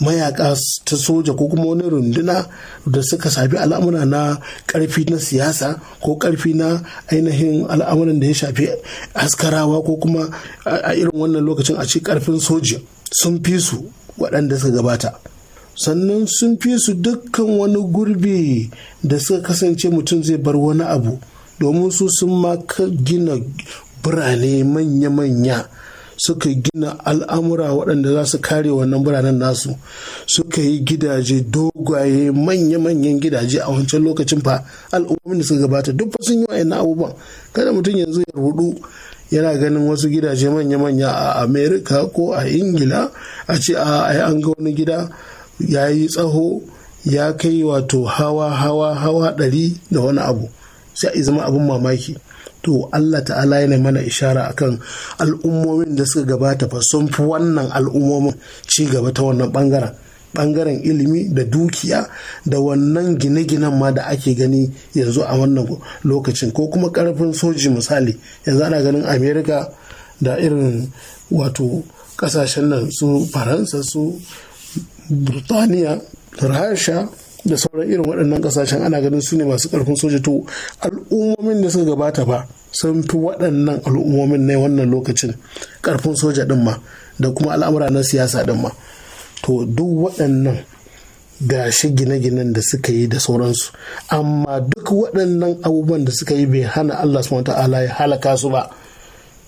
mayaka ta soja ko kuma wani runduna da suka shafi al'amura na karfi na siyasa ko karfi na ainihin al'amuran da ya shafi askarawa ko kuma a irin wannan lokacin a ce karfin soja sun fi su waɗanda suka gabata sannan sun fi su dukkan wani gurbi da suka kasance mutum zai bar wani abu domin su sun ma gina birane manya-manya suka gina al'amura waɗanda za su kare wannan biranen nasu suka yi gidaje dogaye manya-manyan gidaje a wancan lokacin fa al'ummin da suka gabata duk sun yi wa'annan abubuwan kada mutum yanzu ya rudu yana ganin wasu gidaje manya-manya a amerika ko a ingila a ce a an ga wani gida ya yi tsaho ya kai wato hawa hawa hawa ɗari da wani abu sai a zama abin mamaki to Allah ta'ala yana mana ishara akan al'ummomin da suka gabata fa sun fi wannan al'ummomin ci gaba ta wannan bangaren bangaren ilimi da dukiya da wannan gine-ginen ma da ake gani yanzu a wannan lokacin ko kuma karfin soji misali yanzu ana ganin america da irin wato kasashen nan su faransa su burtaniya rasha da sauran irin waɗannan ƙasashen ana ganin su ne masu ƙarfin soja to al'ummomin da suka gabata ba sun fi waɗannan al'ummomin na wannan lokacin ƙarfin soja ɗin ma da kuma al'amura na siyasa ɗin ma to duk waɗannan gashi gine-ginen da suka yi da sauransu amma duk waɗannan abubuwan da suka yi bai hana Allah subhanahu ta'ala ya halaka su ba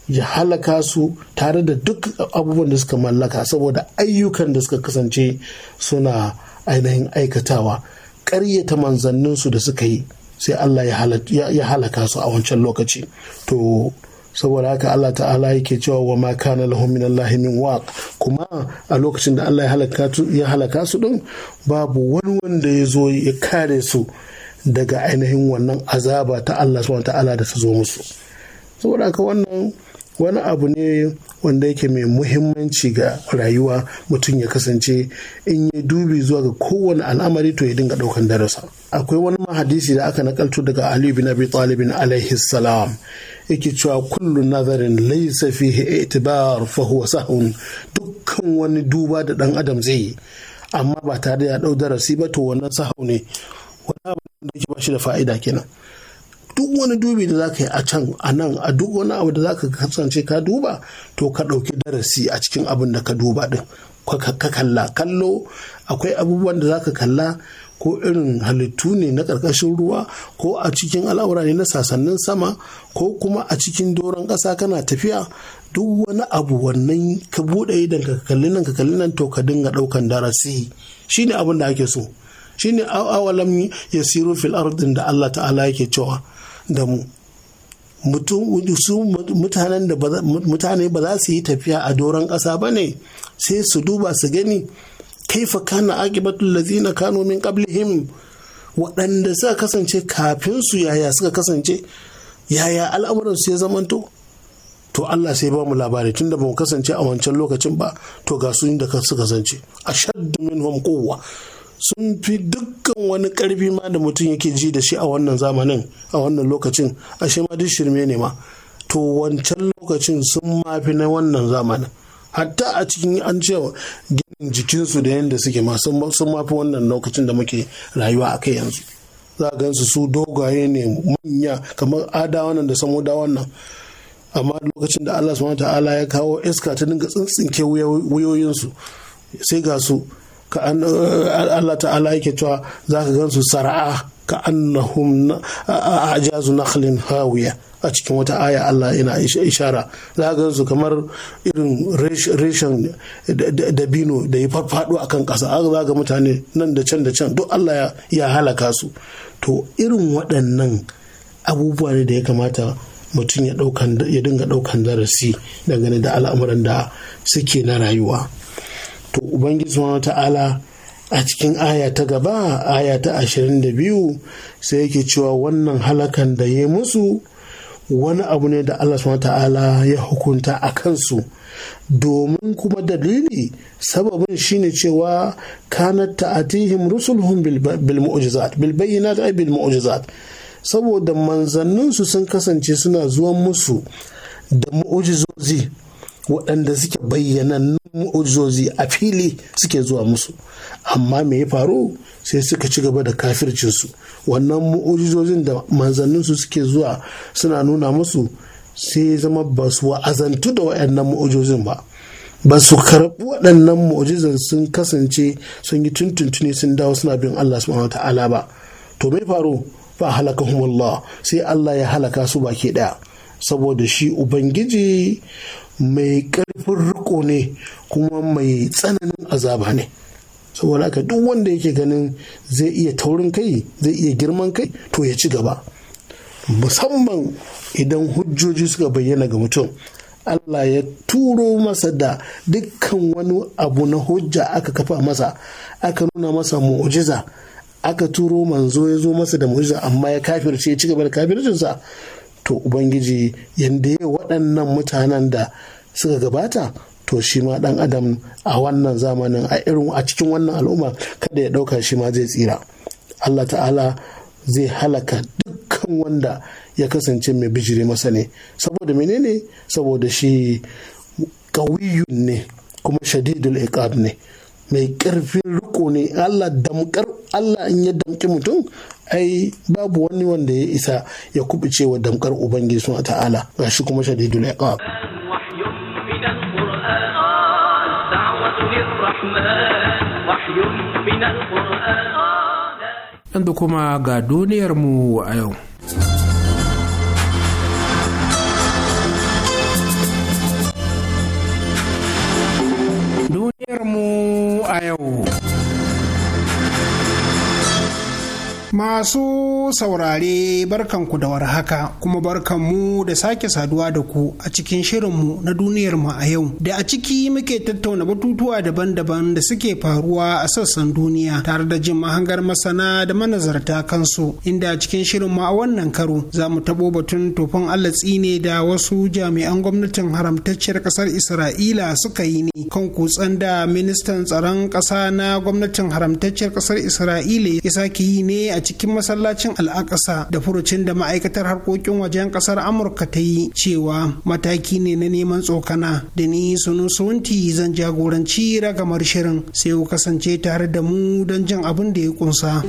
ya halaka su tare da duk abubuwan da suka mallaka saboda ayyukan da suka kasance suna ainihin aikatawa ƙaryata manzanninsu da suka yi sai Allah ya halaka su a wancan lokaci to saboda haka Allah ta'ala yake cewa wa ma kana lahum min Allahi min waq kuma a lokacin da Allah ya halaka su din babu wani wanda ya zo ya kare su daga ainihin wannan azaba ta Allah subhanahu ta'ala da ta zo musu saboda haka wannan wani abu ne wanda yake mai muhimmanci ga rayuwa mutum ya kasance in ya dubi zuwa ga kowane al'amari to ya dinga ɗaukan darasa akwai wani mahadisi da aka nakalto daga ali bin abi talibin alaihi salam yake cewa kullu nazarin laysa fihi itibar fa huwa sahun dukkan wani duba da dan adam zai yi amma ba tare da ya dau darasi ba to wannan sahau ne wani abu da yake ba shi da fa'ida kenan duk wani dubi da za ka yi a can a nan a duk wani abu da za ka kasance ka duba to ka ɗauki darasi a cikin abin da ka duba ɗin ka kalla kallo akwai abubuwan da za ka kalla ko irin halittu ne na ƙarƙashin ruwa ko a cikin al'aura ne na sasannin sama ko kuma a cikin doron ƙasa kana tafiya duk wani abu wannan ka buɗe idan ka kalli nan ka kalli nan to ka dinga ɗaukan darasi shine abin da ake so shine awalam yasiru fil ardin da Allah ta'ala yake cewa da mu mutane ba za su yi tafiya a doron ƙasa ba ne sai su duba su gani kai kaifa kana aqibatul na kano min qablihim waɗanda suka kasance kafin su yaya suka kasance yaya al'amuran su ya zamanto to Allah sai ba mu labari da ba mu kasance a wancan lokacin ba to ga su da suka kasance ashaddu minhum quwwa sun fi dukkan wani karfi ma da mutum yake ji da shi a wannan zamanin a wannan lokacin ashe ma duk shirme ne ma to wancan lokacin sun mafi na wannan zamanin hatta a cikin an ce ginin jikinsu da yadda suke ma sun mafi wannan lokacin da muke rayuwa a kai yanzu za a gansu su dogaye ne manya kamar adawa wannan da da wannan amma lokacin da Allah subhanahu ta'ala ya kawo iska ta dinga tsintsinke wuyoyinsu sai ga su Allah ta'ala yake cewa za ka gansu sara'a ka annahum ajazu nakhlin hawiya a cikin wata aya Allah yana ishara za ka su kamar irin reshen dabino da ya farfado kan ƙasa a za ga mutane nan da can da can duk Allah ya halaka su to irin waɗannan abubuwa ne da ya kamata mutum ya dinga ɗaukan darasi dangane da al'amuran da suke na rayuwa to ubangiji wa ta'ala a cikin aya ta gaba aya ta 22 sai yake cewa wannan halakan da ya musu wani abu ne da Allah wa ta'ala ya hukunta a kansu domin kuma dalili sababin shine cewa kanat ta'atihim rusulhum bil mu'jizat bil bayyinat ay bil mu'jizat saboda manzanninsu sun kasance suna zuwan musu da mu'jizozi waɗanda suke bayyana mu'ujizoji a fili suke zuwa musu amma me ya faru sai suka ci gaba da kafircinsu wannan mu'ujizozin da manzanninsu suke zuwa suna nuna musu sai zama ba su wa'azantu da waɗannan mu'ujizozin ba ba su karɓi waɗannan mu'ujizan sun kasance sun yi tuntuntuni sun dawo suna bin Allah subhanahu ta'ala ba to me faru fa halakahumullah sai Allah ya halaka su baki ɗaya saboda shi ubangiji mai ƙarfin riko ne kuma mai tsananin azaba ne saboda haka duk wanda yake ganin zai iya taurin kai zai iya girman kai to ya ci gaba musamman idan hujjoji suka bayyana ga mutum Allah ya turo masa da dukkan wani abu na hujja aka kafa masa aka nuna masa mu'jiza aka turo manzo ya zo masa da mu'jiza amma ya kafirce ya ci gaba da kafircinsa to ubangiji yadda ya waɗannan mutanen da suka gabata to shi ma ɗan adam a wannan zamanin a irin a cikin wannan al'umma kada ya ɗauka shi ma zai tsira allah ta'ala zai halaka dukkan wanda ya kasance mai bijire masa ne saboda menene saboda shi kawiyun ne kuma shadidul iqab ne mai ƙarfin damƙo ne Allah damkar Allah in ya damki mutum ai babu wani wanda ya isa ya kubuce wa damkar ubangiji sun ta'ala shi kuma shadidul iqab yanzu kuma ga duniyarmu a yau mu a yau. masu saurare barkanku da warhaka kuma barkanmu da sake saduwa da ku a cikin shirinmu na duniyar mu a yau da a ciki muke tattauna batutuwa daban-daban da suke faruwa a sassan duniya tare da jin mahangar masana da manazarta kansu inda a cikin mu a wannan karo za mu tabo batun tofin Allah tsine da wasu jami'an gwamnatin haramtacciyar kasar isra'ila suka yi ne kan kutsan da ministan tsaron ƙasa na gwamnatin haramtacciyar kasar isra'ila ya sake yi ne a cikin masallacin al'akasa da furucin da ma'aikatar harkokin wajen ƙasar amurka ta yi cewa mataki ne na neman tsokana da ni sunu sunti zan jagoranci ragamar shirin sai ku kasance tare da mu don jin abin da ya kunsa.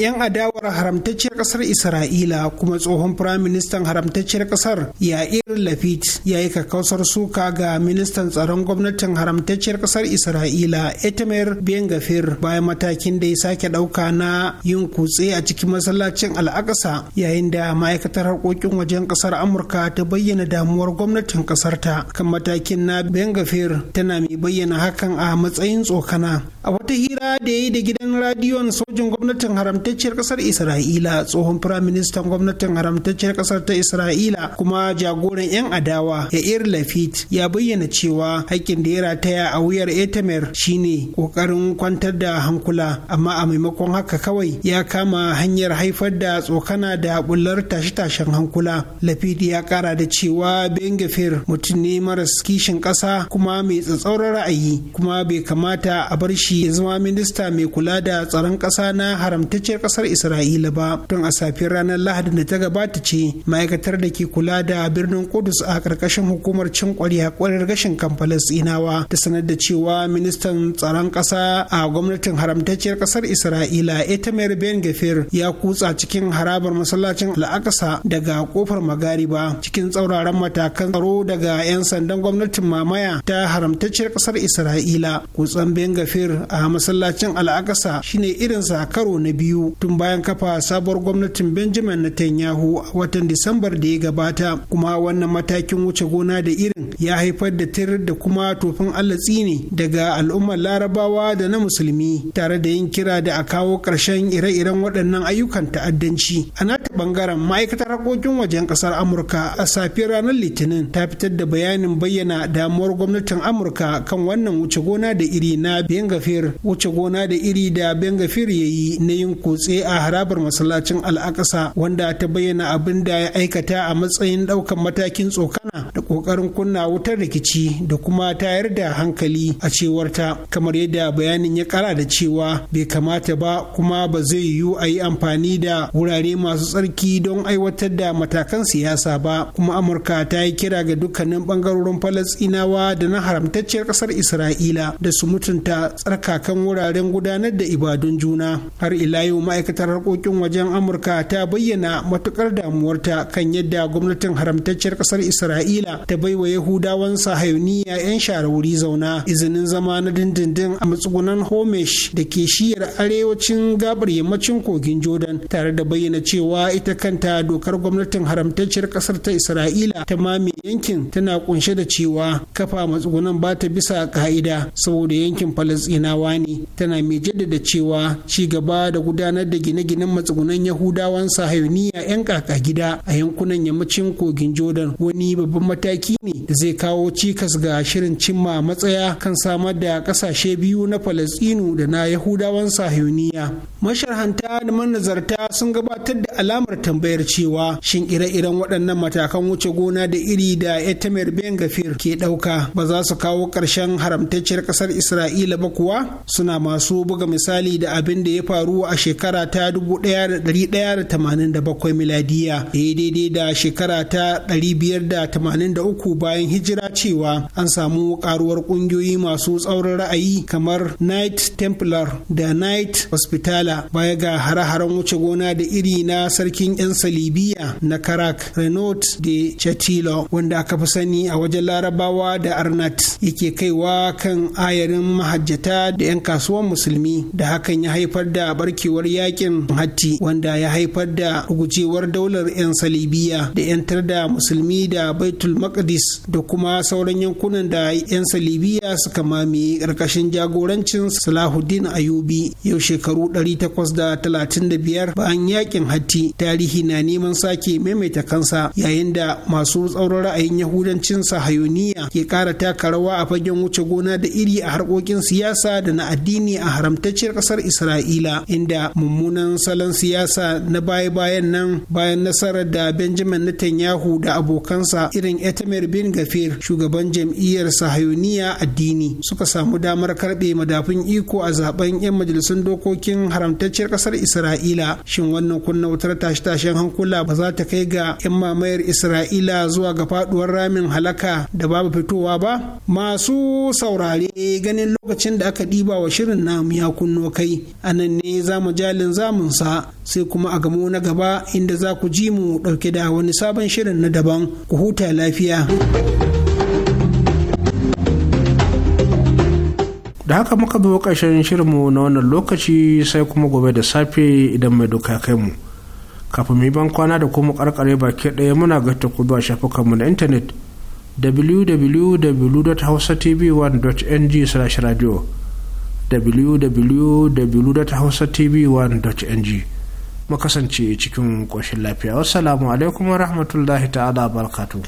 'yan adawar haramtacciyar kasar isra'ila kuma tsohon firaministan haramtacciyar kasar yair lafit ya yi kakkausar suka ga ministan tsaron gwamnatin haramtacciyar kasar isra'ila etamer ben gafir bayan matakin da ya sake ɗauka na yin kutse a cikin masallacin al'akasa yayin da ma'aikatar harkokin wajen kasar amurka ta bayyana damuwar gwamnatin kasar ta kan matakin na ben gafir tana mai bayyana hakan a matsayin tsokana a wata hira da ya yi da gidan radiyon sojin gwamnatin haramtacciyar haramtacciyar kasar isra'ila tsohon firaministan gwamnatin haramtacciyar kasar ta isra'ila kuma jagoran 'yan adawa yair lafit ya bayyana cewa haƙƙin da ya rataya a wuyar etamer shine ƙoƙarin kwantar da hankula amma a maimakon haka kawai ya kama hanyar haifar da tsokana da bullar tashe-tashen hankula lafit ya ƙara da cewa bengafir mutum ne maras kishin ƙasa kuma mai tsatsauran ra'ayi kuma bai kamata a bar shi ya zama minista mai kula da tsaron ƙasa na haramtacciyar kasar isra'ila ba tun a safiyar ranar lahadin da ta gabata ce ma'aikatar da ke kula da birnin kudus a karkashin hukumar cin kwarya kwarar gashin kan falastinawa ta sanar da cewa ministan tsaron kasa a gwamnatin haramtacciyar kasar isra'ila etamar ben gafir ya kutsa cikin harabar masallacin al'akasa daga kofar magariba cikin tsauraran matakan tsaro daga 'yan sandan gwamnatin mamaya ta haramtacciyar kasar isra'ila kutsan ben gafir a masallacin al'akasa shine irinsa karo na biyu biyu tun bayan kafa sabuwar gwamnatin benjamin netanyahu a watan disambar da ya gabata kuma wannan matakin wuce gona da irin ya haifar da tir da kuma tofin allah tsini daga al'ummar larabawa da na musulmi tare da yin kira da a kawo ƙarshen ire-iren waɗannan ayyukan ta'addanci a nata bangaren ma'aikatar harkokin wajen ƙasar amurka a safiyar ranar litinin ta fitar da bayanin bayyana damuwar gwamnatin amurka kan wannan wuce gona da iri na bengafir wuce gona da iri da bengafir ya yi na yin kutse a harabar masallacin al'akasa wanda ta bayyana abin da ya aikata a matsayin ɗaukan matakin tsokana da ƙoƙarin kunna wutar rikici da kuma tayar da hankali a cewarta kamar yadda bayanin ya kara da cewa bai kamata ba kuma ba zai yiwu a yi amfani da wurare masu tsarki don aiwatar da matakan siyasa ba kuma amurka ta yi kira ga dukkanin bangarorin falastinawa da na haramtacciyar ƙasar isra'ila da su mutunta tsarkakan wuraren gudanar da ibadun juna har ila yau ma'aikatar harkokin wajen amurka ta bayyana matukar damuwarta kan yadda gwamnatin haramtacciyar kasar isra'ila ta baiwa yahudawan sahayuniya 'yan shara wuri zauna izinin zama na dindindin a matsugunan homesh da ke shiyar arewacin gabar yammacin kogin jordan tare da bayyana cewa ita kanta dokar gwamnatin haramtacciyar kasar ta isra'ila ta mame yankin tana kunshe da cewa kafa matsugunan ba ta bisa ka'ida saboda yankin falasɗinawa ne tana mai jaddada cewa ci gaba da gudanar gudanar da gine-ginen matsugunan yahudawan sahayoniya 'yan kaka gida a yankunan yammacin kogin jordan wani babban mataki ne da zai kawo cikas ga shirin cimma matsaya kan samar da ƙasashe biyu na Falasinu da na yahudawan sahayoniya masharhanta da manazarta sun gabatar da alamar tambayar cewa shin ire-iren waɗannan matakan wuce gona da iri da etamer ben gafir ke ɗauka ba za su kawo ƙarshen haramtacciyar ƙasar isra'ila ba kuwa suna masu buga misali da abin da ya faru a shekaru shekara ta 1187 miladiya daidai da shekara ta 583 bayan hijira cewa an samu karuwar kungiyoyi masu tsaurin ra'ayi kamar knight templar da knight hospitala baya ga hare-haren wuce gona da iri na sarkin 'yan salibiya na karak renault de chatilo wanda aka fi sani a wajen larabawa da arnat yake kaiwa kan ayarin mahajjata da 'yan kasuwan musulmi da hakan ya haifar da barkewar yakin hatti wanda ya haifar da rugujewar daular 'yan salibiya da 'yantar da musulmi da baitul maqdis da kuma sauran yankunan da 'yan salibiya suka mamaye ƙarƙashin jagorancin salahuddin ayubi yau shekaru 835 bayan yakin hatti tarihi na neman sake maimaita kansa yayin da masu tsauran ra'ayin yahudancin sahayoniya ke ƙara taka rawa a fagen wuce gona da iri a harkokin siyasa da na addini a haramtacciyar ƙasar isra'ila inda mummunan salon siyasa na baya-bayan nan bayan nasarar da benjamin netanyahu da abokansa irin etamir bin gafir shugaban jam'iyyar sahayuniya addini suka samu damar karbe madafin iko a zaben 'yan majalisun dokokin haramtacciyar kasar isra'ila shin wannan kunna wutar tashe-tashen hankula ba za ta kai ga 'yan mamayar isra'ila zuwa ga faduwar ramin halaka da babu fitowa ba masu saurare ganin lokacin da aka diba wa shirin namu ya kunno kai anan ne za mu ja iyalin linzaminsa sai kuma a gamo na gaba inda za ku ji mu ɗauke da wani sabon shirin na daban ku huta lafiya. da haka muka bi ƙarshen shirinmu na wannan lokaci sai kuma gobe da safe idan mai doka kai mu kafin mu ban kwana da kuma karkare baki ɗaya muna gata ku zuwa mu na intanet www.hausatv1.ng/radio www.hausatv1.ng mu kasance cikin ƙoshin lafiya wassalamu alaikum wa rahmatullahi ta'ala barkatu